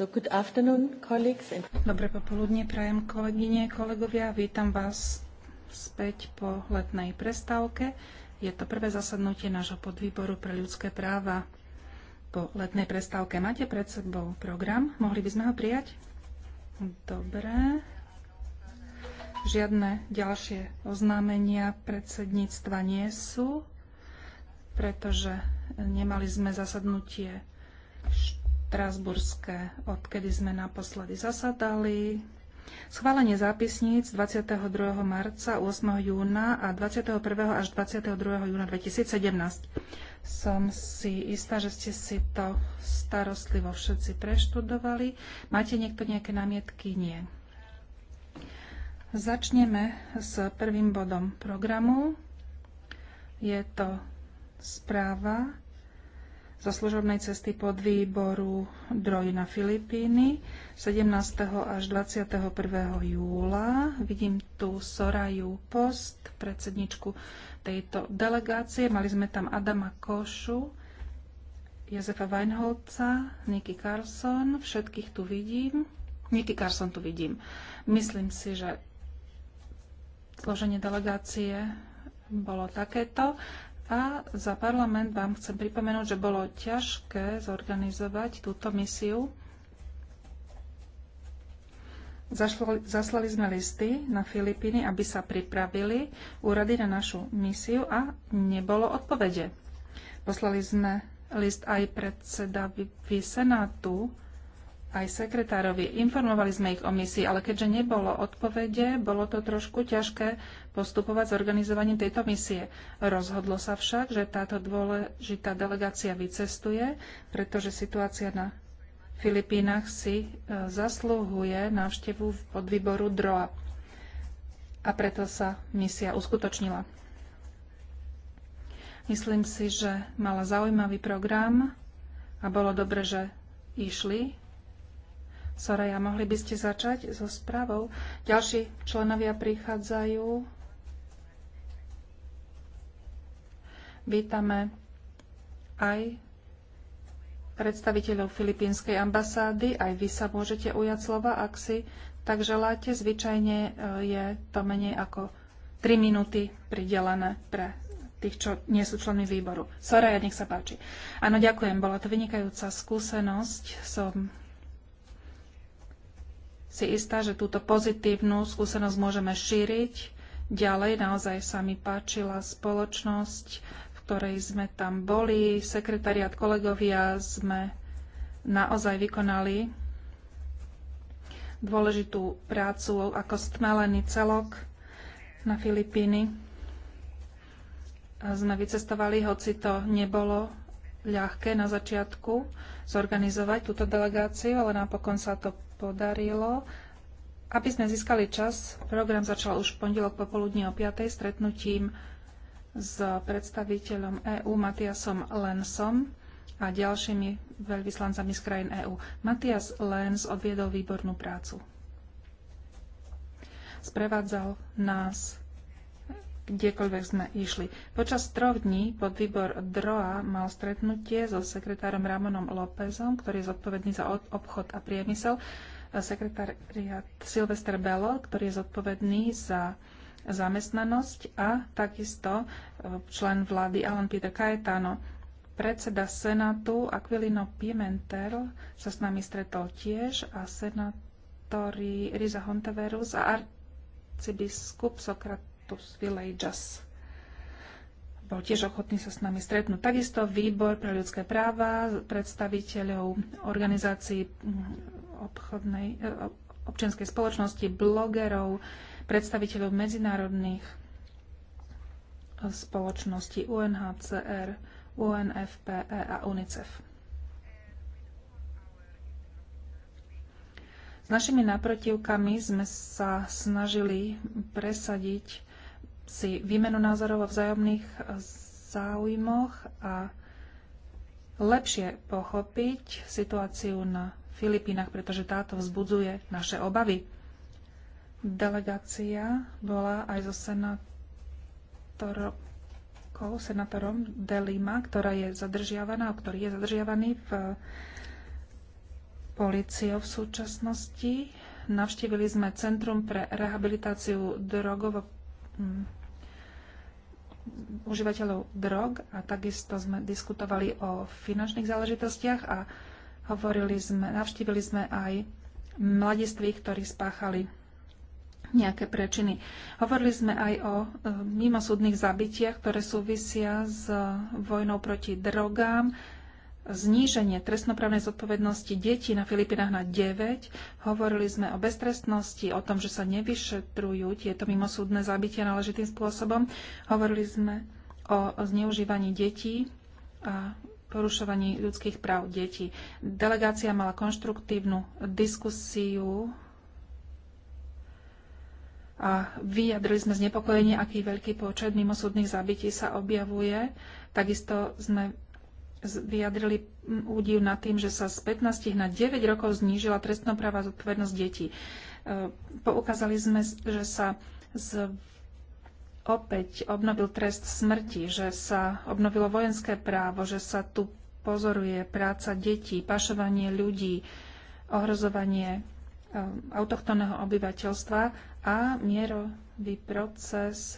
So good afternoon, colleagues. popoludne prajem kolegyne, kolegovia. Vítam vás späť po letnej prestávke. Je to prvé zasadnutie nášho podvýboru pre ľudské práva po letnej prestávke. Máte pred sebou program? Mohli by sme ho prijať? Dobre. Žiadne ďalšie oznámenia predsedníctva nie sú, pretože nemali sme zasadnutie Strasburské, odkedy sme naposledy zasadali. Schválenie zápisníc 22. marca, 8. júna a 21. až 22. júna 2017. Som si istá, že ste si to starostlivo všetci preštudovali. Máte niekto nejaké námietky? Nie. Začneme s prvým bodom programu. Je to správa zo služobnej cesty pod výboru Droj na Filipíny 17. až 21. júla. Vidím tu Soraju Post, predsedničku tejto delegácie. Mali sme tam Adama Košu, Jozefa Weinholca, Niky Carson. Všetkých tu vidím. Nicky Carson tu vidím. Myslím si, že zloženie delegácie bolo takéto. A za parlament vám chcem pripomenúť, že bolo ťažké zorganizovať túto misiu. Zašlo, zaslali sme listy na Filipíny, aby sa pripravili úrady na našu misiu a nebolo odpovede. Poslali sme list aj predsedovi Senátu aj sekretárovi. Informovali sme ich o misii, ale keďže nebolo odpovede, bolo to trošku ťažké postupovať s organizovaním tejto misie. Rozhodlo sa však, že táto dôležitá delegácia vycestuje, pretože situácia na Filipínach si e, zaslúhuje návštevu podvýboru DROA. A preto sa misia uskutočnila. Myslím si, že mala zaujímavý program a bolo dobre, že išli Soraya, mohli by ste začať so správou? Ďalší členovia prichádzajú. Vítame aj predstaviteľov filipínskej ambasády. Aj vy sa môžete ujať slova, ak si tak želáte. Zvyčajne e, je to menej ako 3 minúty pridelené pre tých, čo nie sú členmi výboru. Soraya, nech sa páči. Áno, ďakujem. Bola to vynikajúca skúsenosť. Som si istá, že túto pozitívnu skúsenosť môžeme šíriť. Ďalej naozaj sa mi páčila spoločnosť, v ktorej sme tam boli. Sekretariat kolegovia sme naozaj vykonali dôležitú prácu ako stmelený celok na Filipíny. Sme vycestovali, hoci to nebolo ľahké na začiatku zorganizovať túto delegáciu, ale napokon sa to podarilo. Aby sme získali čas, program začal už v pondelok popoludní o 5. stretnutím s predstaviteľom EÚ Matiasom Lensom a ďalšími veľvyslancami z krajín EÚ. Matias Lens odviedol výbornú prácu. Sprevádzal nás kdekoľvek sme išli. Počas troch dní pod výbor DROA mal stretnutie so sekretárom Ramonom Lópezom, ktorý je zodpovedný za obchod a priemysel, sekretáriat Silvester Belo, ktorý je zodpovedný za zamestnanosť a takisto e, člen vlády Alan Peter Caetano. Predseda Senátu Aquilino Pimentel sa s nami stretol tiež a senátori Riza Hontaverus a arcibiskup Sokrat Cactus Villages bol tiež ochotný sa s nami stretnúť. Takisto výbor pre ľudské práva, predstaviteľov organizácií mm, obchodnej, e, občianskej spoločnosti, blogerov, predstaviteľov medzinárodných e, spoločností UNHCR, UNFPE a UNICEF. S našimi naprotivkami sme sa snažili presadiť si výmenu názorov o vzájomných eh, záujmoch a lepšie pochopiť situáciu na Filipínach, pretože táto vzbudzuje naše obavy. Delegácia bola aj zo senátorkou, senátorom De Lima, ktorá je zadržiavaná, ktorý je zadržiavaný v eh, policiou v súčasnosti. Navštívili sme Centrum pre rehabilitáciu drogovo užívateľov drog a takisto sme diskutovali o finančných záležitostiach a hovorili sme, navštívili sme aj mladiství, ktorí spáchali nejaké prečiny. Hovorili sme aj o e, mimosúdnych zabitiach, ktoré súvisia s vojnou proti drogám, zníženie trestnoprávnej zodpovednosti detí na Filipinách na 9. Hovorili sme o beztrestnosti, o tom, že sa nevyšetrujú tieto mimosúdne zabitia náležitým spôsobom. Hovorili sme o zneužívaní detí a porušovaní ľudských práv detí. Delegácia mala konštruktívnu diskusiu a vyjadrili sme znepokojenie, aký veľký počet mimosúdnych zabití sa objavuje. Takisto sme vyjadrili mm, údiv nad tým, že sa z 15 na 9 rokov znížila trestnoprava zodpovednosť detí. E, poukázali sme, že sa z opäť obnovil trest smrti, že sa obnovilo vojenské právo, že sa tu pozoruje práca detí, pašovanie ľudí, ohrozovanie e, autochtónneho obyvateľstva a mierový proces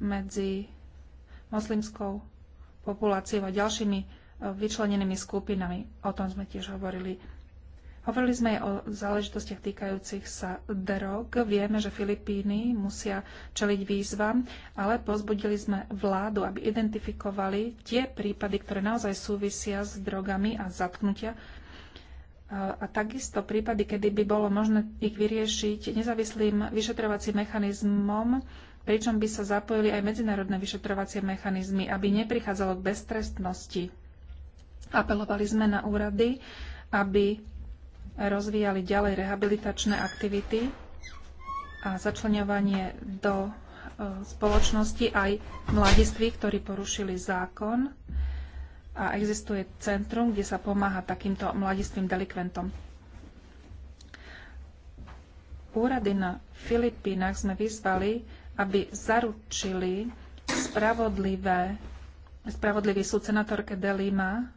medzi moslimskou populáciou a ďalšími e, vyčlenenými skupinami. O tom sme tiež hovorili. Hovorili sme aj o záležitostiach týkajúcich sa drog. Vieme, že Filipíny musia čeliť výzvam, ale pozbudili sme vládu, aby identifikovali tie prípady, ktoré naozaj súvisia s drogami a zatknutia a takisto prípady, kedy by bolo možné ich vyriešiť nezávislým vyšetrovacím mechanizmom pričom by sa zapojili aj medzinárodné vyšetrovacie mechanizmy, aby neprichádzalo k beztrestnosti. Apelovali sme na úrady, aby rozvíjali ďalej rehabilitačné aktivity a začlenovanie do e, spoločnosti aj mladiství, ktorí porušili zákon. A existuje centrum, kde sa pomáha takýmto mladistvým delikventom. Úrady na Filipínach sme vyzvali, aby zaručili spravodlivé, spravodlivý súd senatorke Delima.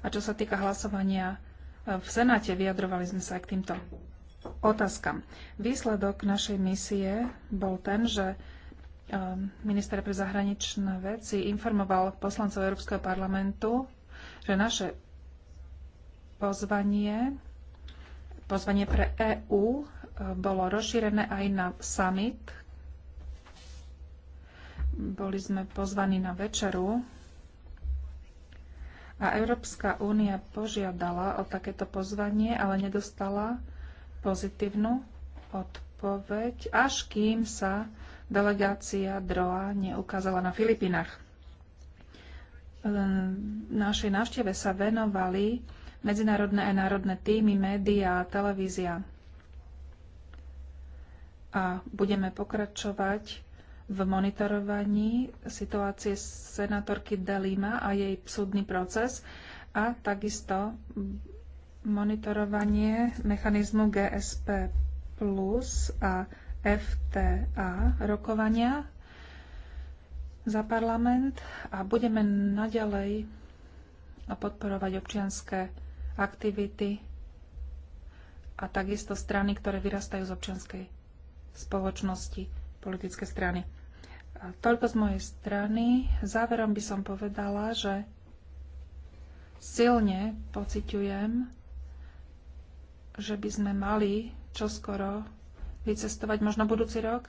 A čo sa týka hlasovania e, v Senáte, vyjadrovali sme sa aj k týmto otázkam. Výsledok našej misie bol ten, že e, minister pre zahraničné veci informoval poslancov Európskeho parlamentu, že naše pozvanie, pozvanie pre EÚ bolo rozšírené aj na summit. Boli sme pozvaní na večeru a Európska únia požiadala o takéto pozvanie, ale nedostala pozitívnu odpoveď, až kým sa delegácia DROA neukázala na Filipinách. Našej návšteve sa venovali medzinárodné a národné týmy, médiá, televízia a budeme pokračovať v monitorovaní situácie senátorky Delima a jej súdny proces a takisto monitorovanie mechanizmu GSP plus a FTA rokovania za parlament a budeme naďalej podporovať občianské aktivity a takisto strany, ktoré vyrastajú z občianskej spoločnosti, politické strany. A toľko z mojej strany. Záverom by som povedala, že silne pociťujem, že by sme mali čoskoro vycestovať, možno budúci rok,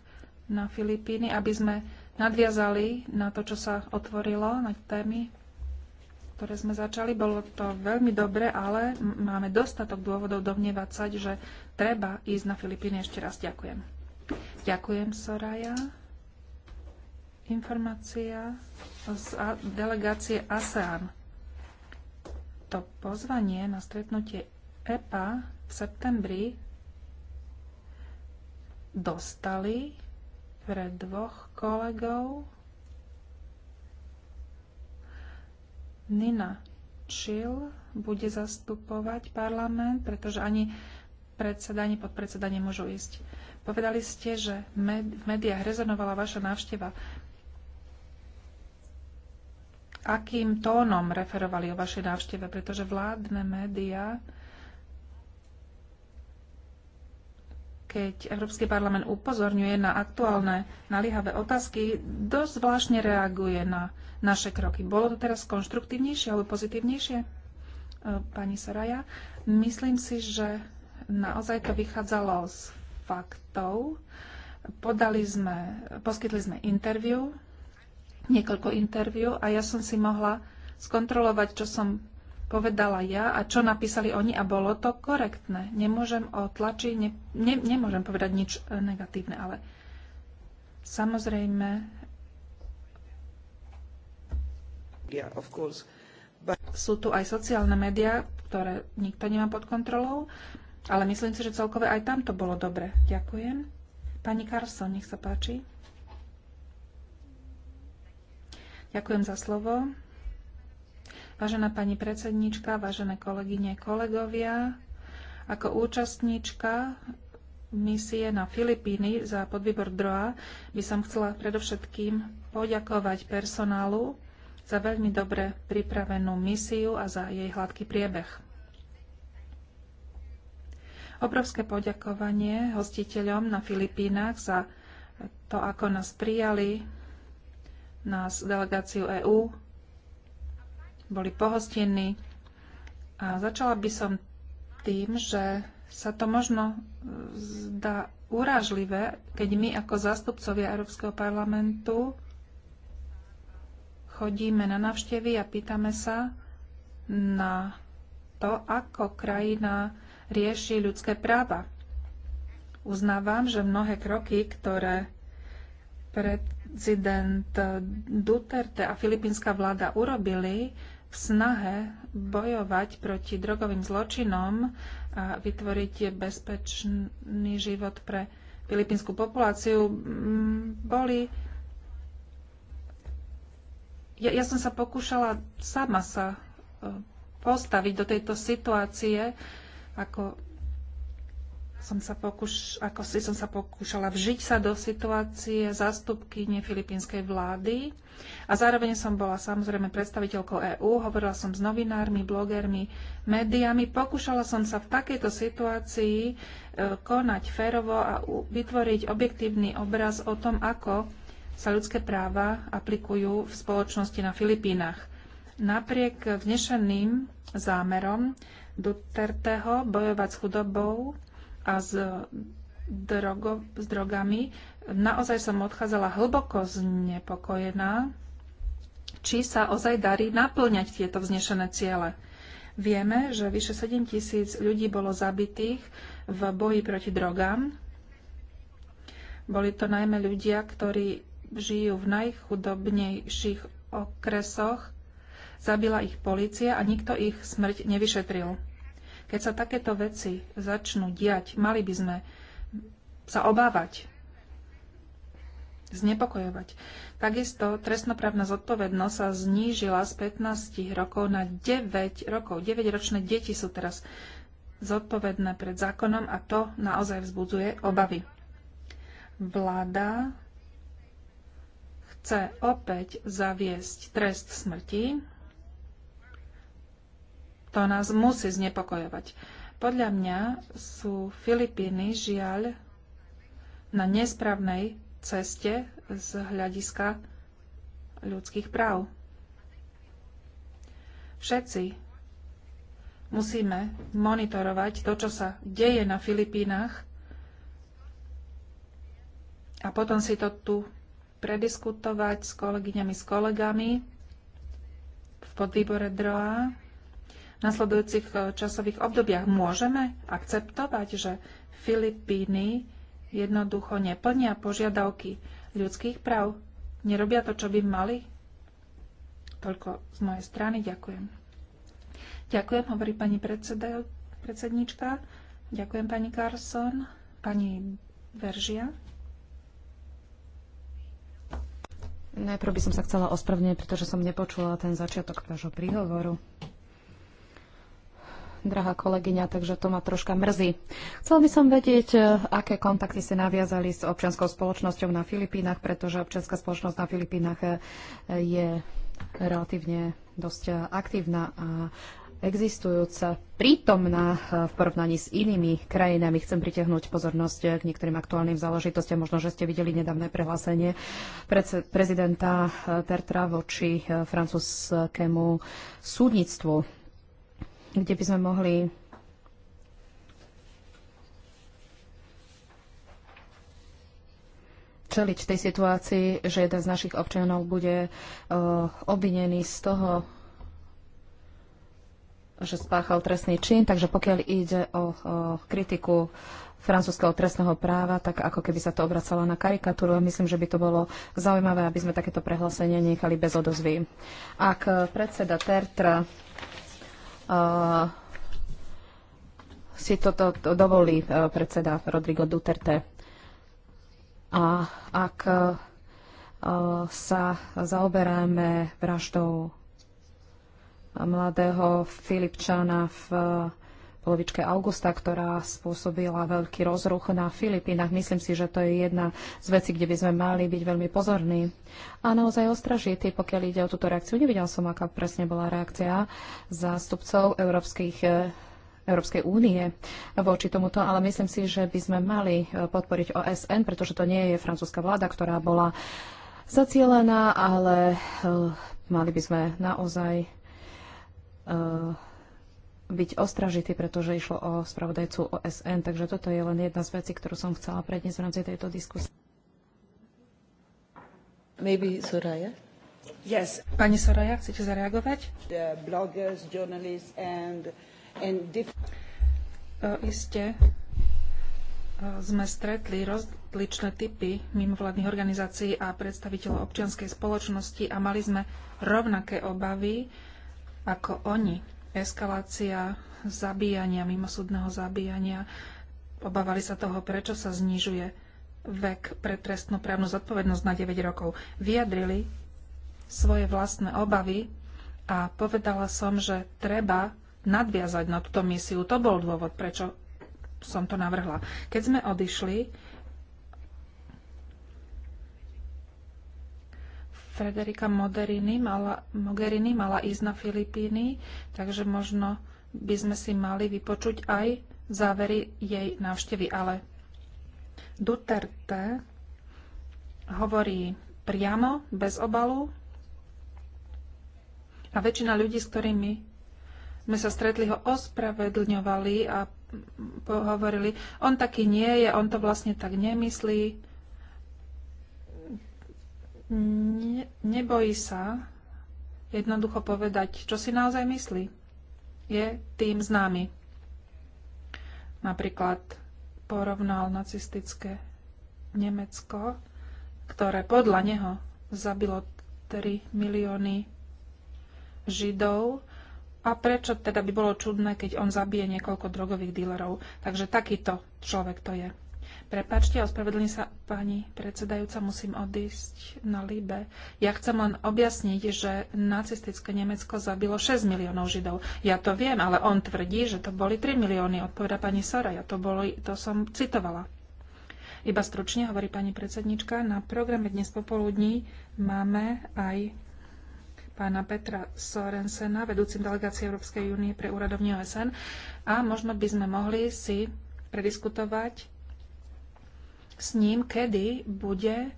na Filipíny, aby sme nadviazali na to, čo sa otvorilo, na témy, ktoré sme začali. Bolo to veľmi dobre, ale máme dostatok dôvodov domnievať sa, že treba ísť na Filipíny. Ešte raz ďakujem. Ďakujem, Soraya. Informácia z delegácie ASEAN. To pozvanie na stretnutie EPA v septembri dostali pre dvoch kolegov Nina Chill bude zastupovať parlament, pretože ani predseda, ani podpredseda nemôžu ísť. Povedali ste, že v médiách rezonovala vaša návšteva. Akým tónom referovali o vašej návšteve? Pretože vládne médiá, keď Európsky parlament upozorňuje na aktuálne naliehavé otázky, dosť zvláštne reaguje na naše kroky. Bolo to teraz konštruktívnejšie alebo pozitívnejšie? E, pani Saraja? myslím si, že naozaj to vychádzalo z faktov. Podali sme, poskytli sme interviu, niekoľko interviu a ja som si mohla skontrolovať, čo som povedala ja a čo napísali oni a bolo to korektné. Nemôžem o tlači, ne, ne, nemôžem povedať nič negatívne, ale samozrejme yeah, of course. But... sú tu aj sociálne médiá, ktoré nikto nemá pod kontrolou. Ale myslím si, že celkové aj tam to bolo dobre. Ďakujem. Pani Karso, nech sa páči. Ďakujem za slovo. Vážená pani predsednička, vážené kolegyne, kolegovia, ako účastníčka misie na Filipíny za podvýbor DROA by som chcela predovšetkým poďakovať personálu za veľmi dobre pripravenú misiu a za jej hladký priebeh. Obrovské poďakovanie hostiteľom na Filipínach za to, ako nás prijali, nás delegáciu EÚ, boli pohostení A začala by som tým, že sa to možno e, zdá úražlivé, keď my ako zástupcovia Európskeho parlamentu chodíme na návštevy a pýtame sa na to, ako krajina rieši ľudské práva. Uznávam, že mnohé kroky, ktoré prezident Duterte a filipínska vláda urobili v snahe bojovať proti drogovým zločinom a vytvoriť bezpečný život pre filipínsku populáciu, boli ja, ja som sa pokúšala sama sa e, postaviť do tejto situácie ako som sa pokuš, ako si som sa pokúšala vžiť sa do situácie zástupkyne nefilipínskej vlády a zároveň som bola samozrejme predstaviteľkou EÚ, hovorila som s novinármi, blogermi, médiami, pokúšala som sa v takejto situácii e, konať férovo a vytvoriť objektívny obraz o tom, ako sa ľudské práva aplikujú v spoločnosti na Filipínach. Napriek vznešeným zámerom Duterteho bojovať s chudobou a s, drogo, s drogami. Naozaj som odchádzala hlboko znepokojená, či sa ozaj darí naplňať tieto vznešené ciele. Vieme, že vyše 7 tisíc ľudí bolo zabitých v boji proti drogám. Boli to najmä ľudia, ktorí žijú v najchudobnejších okresoch zabila ich polícia a nikto ich smrť nevyšetril. Keď sa takéto veci začnú diať, mali by sme sa obávať, znepokojovať. Takisto trestnoprávna zodpovednosť sa znížila z 15 rokov na 9 rokov. 9-ročné deti sú teraz zodpovedné pred zákonom a to naozaj vzbudzuje obavy. Vláda chce opäť zaviesť trest smrti to nás musí znepokojovať. Podľa mňa sú Filipíny žiaľ na nesprávnej ceste z hľadiska ľudských práv. Všetci musíme monitorovať to, čo sa deje na Filipínach a potom si to tu prediskutovať s kolegyňami, s kolegami v podvýbore DROA nasledujúcich e, časových obdobiach. Môžeme akceptovať, že Filipíny jednoducho neplnia požiadavky ľudských práv? Nerobia to, čo by mali? Toľko z mojej strany. Ďakujem. Ďakujem, hovorí pani predseda, predsednička. Ďakujem pani Carson, pani Veržia. Najprv by som sa chcela ospravniť, pretože som nepočula ten začiatok vášho príhovoru drahá kolegyňa, takže to ma troška mrzí. Chcel by som vedieť, e, aké kontakty ste naviazali s občianskou spoločnosťou na Filipínach, pretože občianská spoločnosť na Filipínach e, je relatívne dosť aktívna a existujúca, prítomná e, v porovnaní s inými krajinami. Chcem pritiahnuť pozornosť k niektorým aktuálnym záležitostiam. Možno, že ste videli nedávne prehlásenie prezidenta Tertra voči francúzskému súdnictvu kde by sme mohli čeliť tej situácii, že jeden z našich občanov bude eh, obvinený z toho, že spáchal trestný čin, takže pokiaľ ide o, o kritiku francúzského trestného práva, tak ako keby sa to obracalo na karikatúru. Myslím, že by to bolo zaujímavé, aby sme takéto prehlásenie nechali bez odozvy. Ak eh, predseda Tertra Eh, si toto dovolí eh, predseda Rodrigo Duterte. A ak eh, sa zaoberáme vraždou mladého Filipčana v polovičke augusta, ktorá spôsobila veľký rozruch na Filipínach. Myslím si, že to je jedna z vecí, kde by sme mali byť veľmi pozorní a naozaj ostražitý, pokiaľ ide o túto reakciu. Nevidel som, aká presne bola reakcia zástupcov európskych e, Európskej únie voči tomuto, ale myslím si, že by sme mali e, podporiť OSN, pretože to nie je francúzska vláda, ktorá bola zacielená, ale e, mali by sme naozaj uh, byť ostražitý, pretože išlo o spravodajcu OSN, takže toto je len jedna z vecí, ktorú som chcela predniesť v rámci tejto diskusie. Maybe Soraya? Yes. Pani Soraya, chcete zareagovať? The bloggers, journalists and, and uh, Iste uh, sme stretli rozličné typy mimovládnych organizácií a predstaviteľov občianskej spoločnosti a mali sme rovnaké obavy ako oni eskalácia zabíjania, mimosúdneho zabíjania. Obávali sa toho, prečo sa znižuje vek pre trestnú právnu zodpovednosť na 9 rokov. Vyjadrili svoje vlastné obavy a povedala som, že treba nadviazať na túto misiu. To bol dôvod, prečo som to navrhla. Keď sme odišli, Frederika Moderini mala, Mogherini mala ísť na Filipíny, takže možno by sme si mali vypočuť aj závery jej návštevy. Ale Duterte hovorí priamo, bez obalu a väčšina ľudí, s ktorými sme sa stretli, ho ospravedlňovali a hovorili, on taký nie je, on to vlastne tak nemyslí ne, nebojí sa jednoducho povedať, čo si naozaj myslí. Je tým známy. Napríklad porovnal nacistické Nemecko, ktoré podľa neho zabilo 3 milióny židov. A prečo teda by bolo čudné, keď on zabije niekoľko drogových dílerov? Takže takýto človek to je. Prepačte, ospravedlňujem sa pani predsedajúca, musím odísť na Libe. Ja chcem len objasniť, že nacistické Nemecko zabilo 6 miliónov Židov. Ja to viem, ale on tvrdí, že to boli 3 milióny, odpoveda pani Sora. Ja to, boli, to som citovala. Iba stručne, hovorí pani predsednička, na programe dnes popoludní máme aj pána Petra Sorensena, vedúcim delegácie Európskej únie pre úradovní OSN. A možno by sme mohli si prediskutovať s ním, kedy bude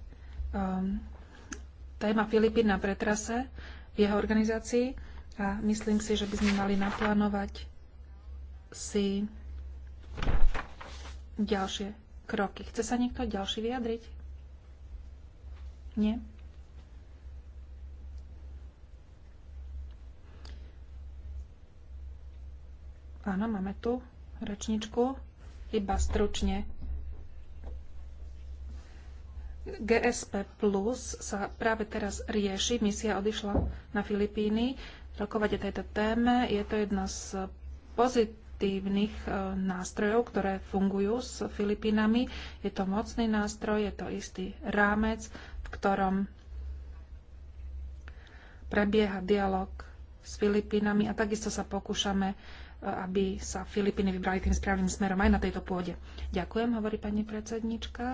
um, téma Filipín na pretrase v jeho organizácii a myslím si, že by sme mali naplánovať si ďalšie kroky. Chce sa niekto ďalší vyjadriť? Nie? Áno, máme tu rečničku. Iba stručne GSP Plus sa práve teraz rieši. Misia odišla na Filipíny rokovať o tejto téme. Je to jedna z pozitívnych e, nástrojov, ktoré fungujú s Filipínami. Je to mocný nástroj, je to istý rámec, v ktorom prebieha dialog s Filipínami a takisto sa pokúšame, e, aby sa Filipíny vybrali tým správnym smerom aj na tejto pôde. Ďakujem, hovorí pani predsednička.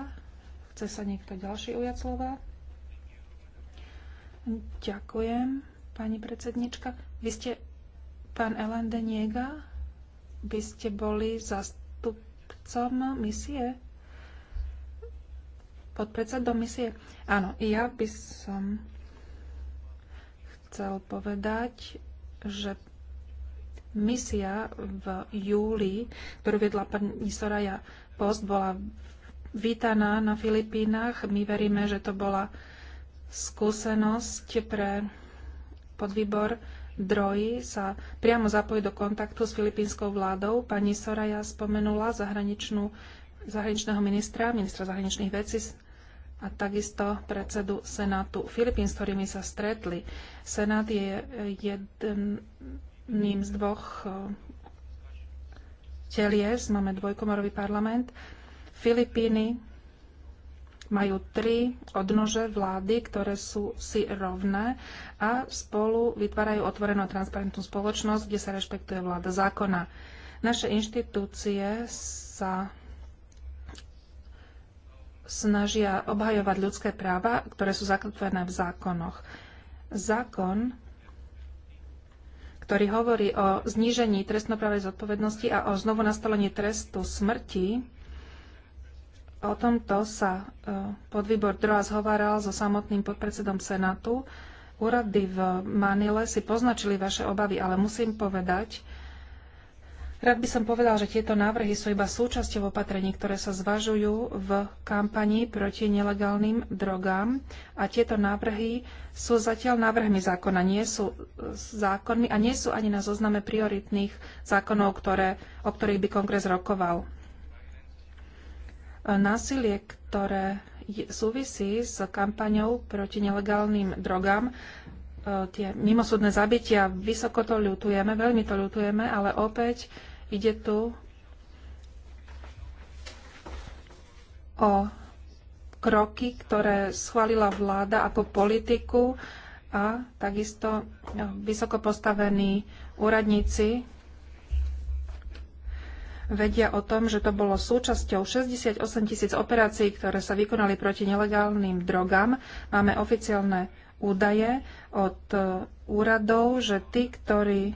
Chce sa niekto ďalší ujať slova? Ďakujem, pani predsednička. Vy ste, pán Ellen Deniega, by ste boli zastupcom misie? Podpredsedom misie? Áno, ja by som chcel povedať, že misia v júli, ktorú vedla pani Soraya Post, bola vítaná na Filipínach. My veríme, že to bola skúsenosť pre podvýbor Droji sa priamo zapojiť do kontaktu s filipínskou vládou. Pani Soraya spomenula zahraničnú, zahraničného ministra, ministra zahraničných vecí a takisto predsedu Senátu Filipín, s ktorými sa stretli. Senát je jedným z dvoch e, telies, máme dvojkomorový parlament Filipíny majú tri odnože vlády, ktoré sú si rovné a spolu vytvárajú otvorenú transparentnú spoločnosť, kde sa rešpektuje vláda zákona. Naše inštitúcie sa snažia obhajovať ľudské práva, ktoré sú zakotvené v zákonoch. Zákon, ktorý hovorí o znížení trestnoprávnej zodpovednosti a o znovu nastolení trestu smrti, O tomto sa e, podvýbor DROA zhováral so samotným podpredsedom Senátu. Úrady v Manile si poznačili vaše obavy, ale musím povedať, rád by som povedal, že tieto návrhy sú iba súčasťou opatrení, ktoré sa zvažujú v kampani proti nelegálnym drogám a tieto návrhy sú zatiaľ návrhmi zákona, nie sú e, zákonmi a nie sú ani na zozname prioritných zákonov, ktoré, o ktorých by kongres rokoval násilie, ktoré súvisí s kampaňou proti nelegálnym drogám, e, tie mimosúdne zabitia, vysoko to ľutujeme, veľmi to ľutujeme, ale opäť ide tu o kroky, ktoré schválila vláda ako politiku a takisto e, vysoko postavení úradníci vedia o tom, že to bolo súčasťou 68 tisíc operácií, ktoré sa vykonali proti nelegálnym drogám. Máme oficiálne údaje od e, úradov, že tí, ktorí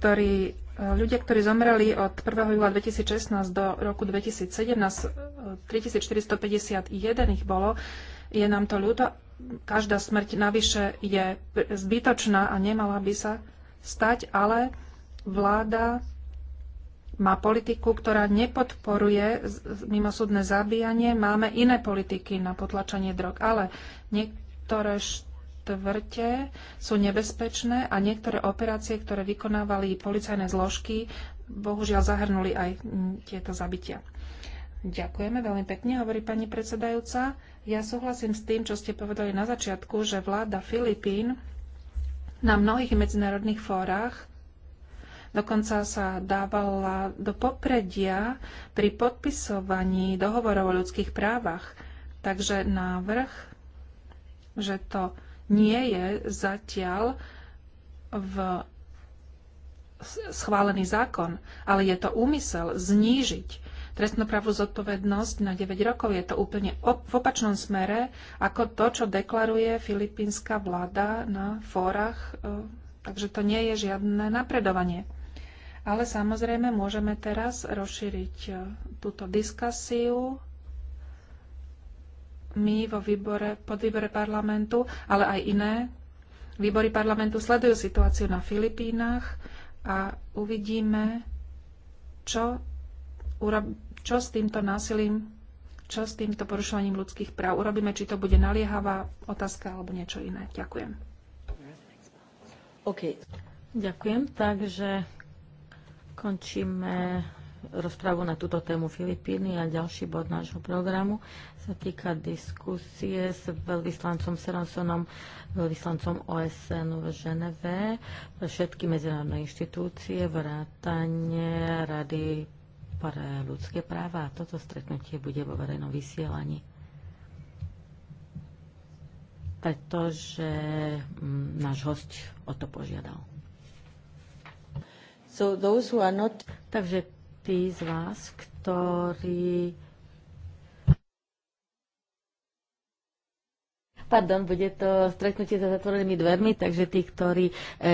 ktorí e, ľudia, ktorí zomreli od 1. júla 2016 do roku 2017, 3451 e, ich bolo, je nám to ľúto, každá smrť navyše je zbytočná a nemala by sa stať, ale vláda má politiku, ktorá nepodporuje mimosúdne zabíjanie. Máme iné politiky na potlačanie drog, ale niektoré štvrte sú nebezpečné a niektoré operácie, ktoré vykonávali policajné zložky, bohužiaľ zahrnuli aj mm, tieto zabitia. Ďakujeme veľmi pekne, hovorí pani predsedajúca. Ja súhlasím s tým, čo ste povedali na začiatku, že vláda Filipín na mnohých medzinárodných fórach dokonca sa dávala do popredia pri podpisovaní dohovorov o ľudských právach. Takže návrh, že to nie je zatiaľ v schválený zákon, ale je to úmysel znížiť trestnoprávnu zodpovednosť na 9 rokov. Je to úplne v opačnom smere ako to, čo deklaruje filipínska vláda na fórach, e, takže to nie je žiadne napredovanie. Ale samozrejme môžeme teraz rozšíriť e, túto diskusiu my vo výbore, podvýbore parlamentu, ale aj iné výbory parlamentu sledujú situáciu na Filipínach a uvidíme, čo čo s týmto násilím, čo s týmto porušovaním ľudských práv urobíme, či to bude naliehavá otázka alebo niečo iné. Ďakujem. OK. Ďakujem, takže končíme rozprávu na túto tému Filipíny a ďalší bod nášho programu sa týka diskusie s veľvyslancom Seransonom, veľvyslancom OSN v Ženeve, všetky medzinárodné inštitúcie, vrátanie Rady pre ľudské práva. a Toto stretnutie bude vo verejnom vysielaní pretože mm, náš host o to požiadal. So those who are not... Takže tí z vás, ktorí... Pardon, bude to stretnutie za zatvorenými dvermi, takže tí, ktorí e,